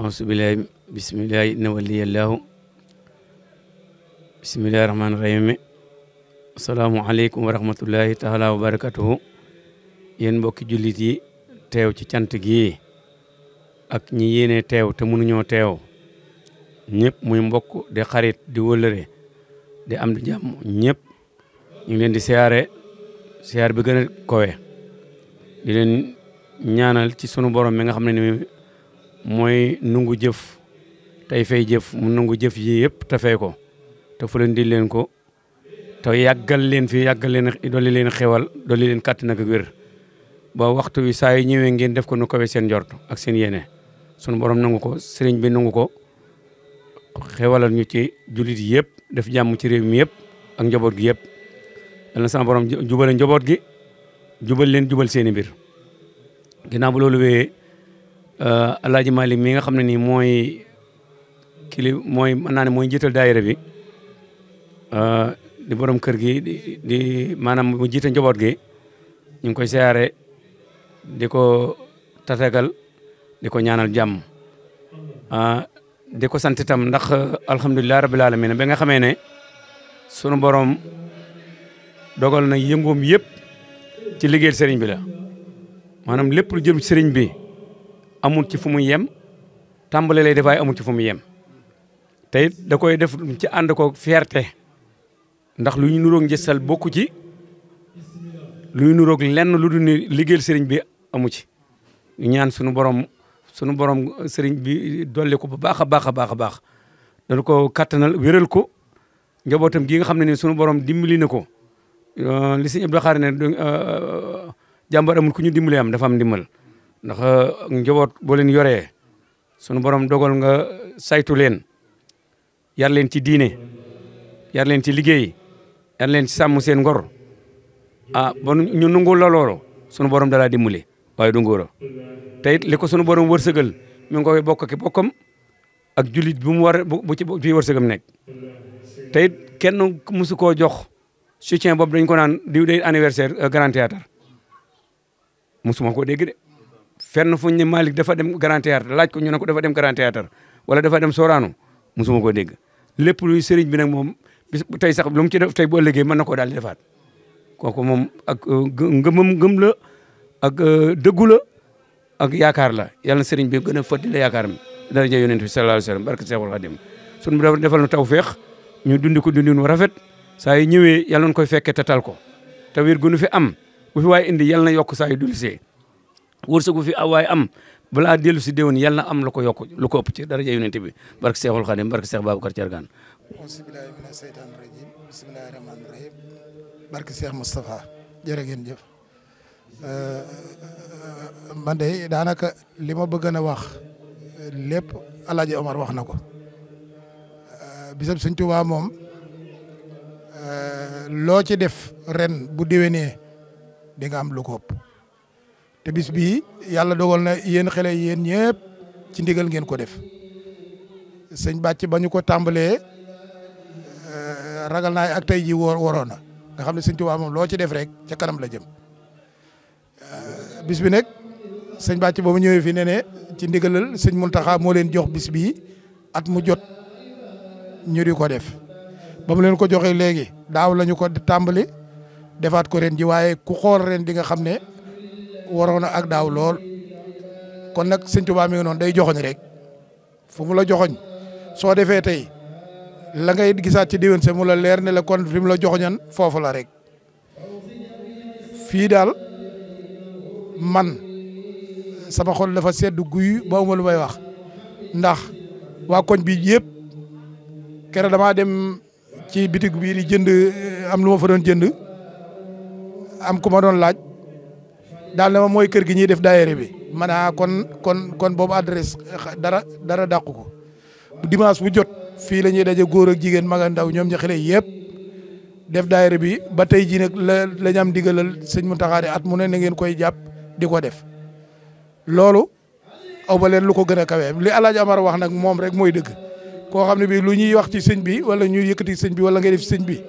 axusubillahi bisimillahi na waliyallahu bisimillahi rahmaani rahimi asalaamualeykum wa rahmatullahi taala wa barakatuhu yéen mbokki yi teew ci cant gi ak ñi yéene teew te mënuñoo teew ñëpp muy mbokk di xarit di wëllëre di am di jàmm ñëpp ñu leen di siyaare siyaar bi gën a di leen ñaanal ci sunu borom mi nga xam ne ni mooy nungu jëf tey fay jëf mu nungu jëf yi yëpp te fay ko te fu leen di leen ko te yàggal leen fi yàggal leen dolli leen xewal dolli leen kàttan ak wér ba waxtu wi saa yu ñëwee ngeen def ko nu kawe seen jort ak seen yeneen sunu borom nangu ko sëriñ bi nungu ko xewalal ñu ci jullit yëpp def jàmm ci réew mi yëpp ak njaboot gi yëpp yal na sama borom jubale njaboot gi jubal leen jubal seeni mbir ginnaaw loolu wéyee Euh, Alaaji Malik mi nga xam ne nii mooy kili mooy mën naa mooy jiital daayira bi euh, di borom kër gi di di maanaam mu jiite njaboot gi ñu ngi koy siyaare di ko tatagal di ko ñaanal jàmm euh, di ko sant itam ndax alhamdulilah rabbil alamin ba nga xamee ne sunu borom dogal na yëngoom yëpp ci liggéeyal sëriñ bi la maanaam lépp lu jëm sëriñ bi amul ci fu mu yem tàmbale lay def waaye amul ci fu yem te da koy def ci ànd ko fierté ndax lu ñu nuroog njësal bokku ci lu ñu nuroog lenn lu dul ni liggéeyal sëriñ bi amu ci ñaan sunu borom sunu borom sëriñ bi dolli ko bu baax a baax a baax a baax dana ko kattanal wéral ko njabootam gi nga xam ne ni sunu borom dimbali na ko li sëñ Abdou Khare ne euh, jàmbar amul ku ñu dimbali am dafa am ndimbal ndax uh, njaboot boo leen yoree sunu borom dogal nga saytu leen yar leen ci diine yar leen ci liggéey yar leen ci sàmm seen ngor ah ba ñu nungul la loolu sunu borom dalaa dimbali waaye du ngóor a te it li ko sunu borom wërsëgal mi ko koy bokk ki bokkam ak julit bu mu war bu ci bu ci wërsëgam nekk te kenn musu koo jox soutien boobu dañ ko naan diw day anniversaire uh, grand théâtre musuma ko dégg de fenn fuñ ne Malick dafa dem Grand laaj ko ñu ne ko dafa dem Grand Théâtre wala dafa dem Sorano musuma ko dégg lépp luy sëriñ bi nag moom bis tey sax lu mu ci def tey boo liggéey mën na koo daal di defaat kooku moom ak euh, ngëmam ngëm la ak euh, dëggu la ak yaakaar la yàlla sëriñ bi gën a la yaakaar mi daraja yonent bi sallallahu alayhi wasallam barke Seexul Xadim sun mu defal na feex ñu dundi ko dundinu rafet saa ñëwee yàlla nañu koy fekkee tatal ko te wér gu nu fi am bu waaye indi yàlla na yokk saa yu wërsëgu fi awaay am balaa dellu si déwén yàlla na am lu ko yokk lu ko ëpp ci daraja yonent bi barke Seexul Xadim barke Seex Babacar Thiergane. bismillaahi mina seytaani rajiim bismillaahi rahmaani rahiim jëf man daanaka li ma bëgg a wax lépp Alaaji Omar wax na ko bisab Sëñ Tuubaa moom loo ci def ren bu déwénee di nga am lu ko ëpp. te bis bii yàlla dogal na yéen xale yéen ñëpp ci ndigal ngeen ko def sëñ bàcc ba ñu ko tàmbalee ragal naay ak tey ji woo waroon na nga xam ne sëñ waa moom loo ci def rek ca kanam la jëm bis bi nag sëñ bàcc ba mu ñëwee fi ne ne ci ndigalal sëñ Muntaxa moo leen jox bis bii at mu jot ñu di ko def ba mu leen ko joxee léegi daaw la ñu ko tàmbali defaat ko ren ji ku xool ren di nga xam ne waroon ak daaw lool kon nag sëñ Tuubaa mi ngi noonu day joxoñ rek fu mu la joxoñ soo defee tey la ngay gisaat ci déwén sa mu la leer ne la kon fi mu la joxoñan foofu la rek fii daal man sama xol dafa sedd guy ba uma lu may wax ndax waa koñ bi yëpp kere damaa dem ci bitik bii di jënd am lu ma fa doon jënd am ku doon laaj daal na ma mooy kër gi ñuy def daayere bi man ah kon kon kon boobu adresse dara dara ko bu bu jot fii la ñuy daje góor ak jigéen mag ndaw ñoom ña xale yëpp def daayere bi ba tey jii nag la la ñu am digalal sëñ mu Mountakha at mu ne na ngeen koy jàpp di ko def loolu aw ba leen lu ko gën a kawe li El Hadj Amar wax nag moom rek mooy dëgg koo xam ne bii lu ñuy wax ci sëñ bi wala ñuy yëkkati sëñ bi wala ngay sëñ bi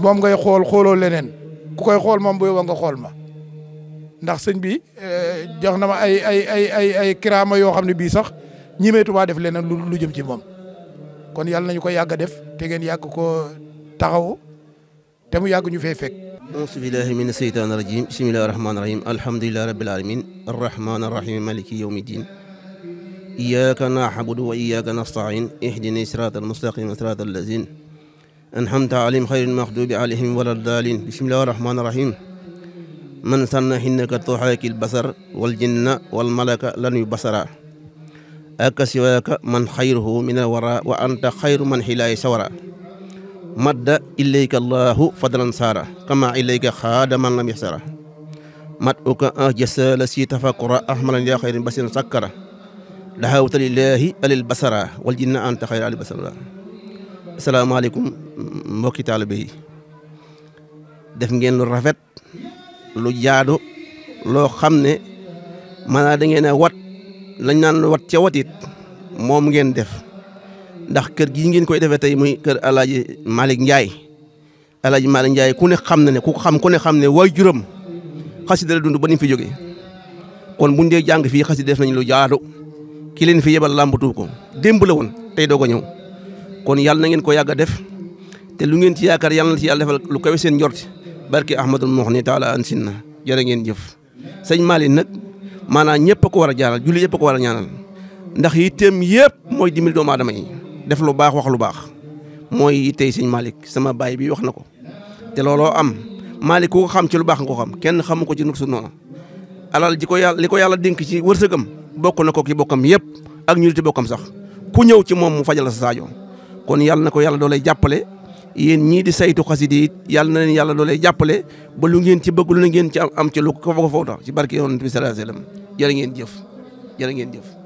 moom ngay xool xooloo leneen ku koy xool moom bu yóbboo nga xool ma. ndax sëñ bi eh, jox na ma ay ay ay ay ay kiraama yoo xam ne bii sax ñimeetu waa def leneen lu lu jëm ci moom kon yàlla nañu koy yàgg def te ngeen yàgg ko taxaw te mu yàgg ñu fee fekk. auzu billahi min seytaan rajim bismillahi rahmaani rahim alhamdulillahi rabbil alamin a rahim maliki yawmi din iyyaka na'budu wa iyyaka nasta'in ihdina siratal mustaqim siratal lazin an'amta alayhim ghayril maghdubi alayhim a bismillahi a rahim man sanna hinnaka tuxaakil basar wal jinna wal malaka lan yu basara akasiwaaka man xayruhu min al wara wa anta xayru man xilaayi sawara madda ilayka allahu fadlan saara kama ilayka xaadaman lam yaxsara mat uka ah jasala si tafakura ahmalan yaa xayrin basiran sakkara daxawta lillaahi alil basara wal jinna anta xayra alil basara asalaamaaleykum mbokki taalibe yi def ngeen lu rafet lu jaado loo xam ne maanaam da ngeen a wat lañ naan wat ca watit moom ngeen def ndax kër gi ngeen koy defee tey muy kër El Hadj Malick Ndiaye El Hadj Malick Ndiaye ku ne xam na ne ku xam ku ne xam ne waay juróom xasida la dund ba ni fi jóge kon buñ dee jàng fii xasida def nañ lu jaadu ki leen fi yebal làmbatu ko démb woon tey doog a ñëw kon yàlla na ngeen ko yàgg def te lu ngeen ci yaakaar yàlla na ci yàlla defal lu kawe barki ahmadul moox ni taala an sin na jërë ngeen jëf sëñ Malick nag maanaam ñëpp a ko war a jaaral julli yëpp a ko war a ñaanal ndax yitteem yëpp mooy dimbali doomu aadama yi def lu baax wax lu baax mooy yittey sëñ Malick sama baay bi wax na ko te looloo am Malick ku xam ci lu baax ngoo xam kenn xamu ko ci nuk su alaal alal ko yàlla li ko yàlla dénk ci wërsëgam bokk na ko ki bokkam yëpp ak ñu ci bokkam sax ku ñëw ci moom mu fajal sa saajo kon yàlla na ko yàlla doo yéen ñii di saytu xasida yi yàlla na leen yàlla loolee jàppale ba lu ngeen ci bëgg lu ngeen ci am am ci lu ko foog a foog tax ci barke yonent bi sallallahu alayhi wasallam jërë ngeen jëf jërë ngeen jëf